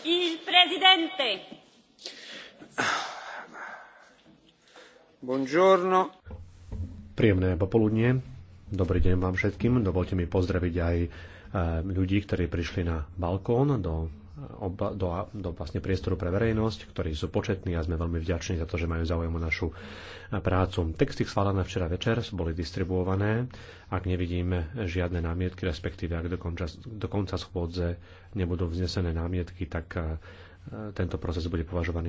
Il presidente. Buongiorno. Príjemné popoludnie. Dobrý deň vám všetkým. dovoľte mi pozdraviť aj eh, ľudí, ktorí prišli na balkón do obla, do, do vlastne priestoru pre verejnosť, ktorí sú početní a sme veľmi vďační za to, že majú záujem o našu prácu. Texty schválené včera večer boli distribuované. Ak nevidíme žiadne námietky, respektíve ak do konca schôdze nebudú vznesené námietky, tak eh, tento proces bude považovaný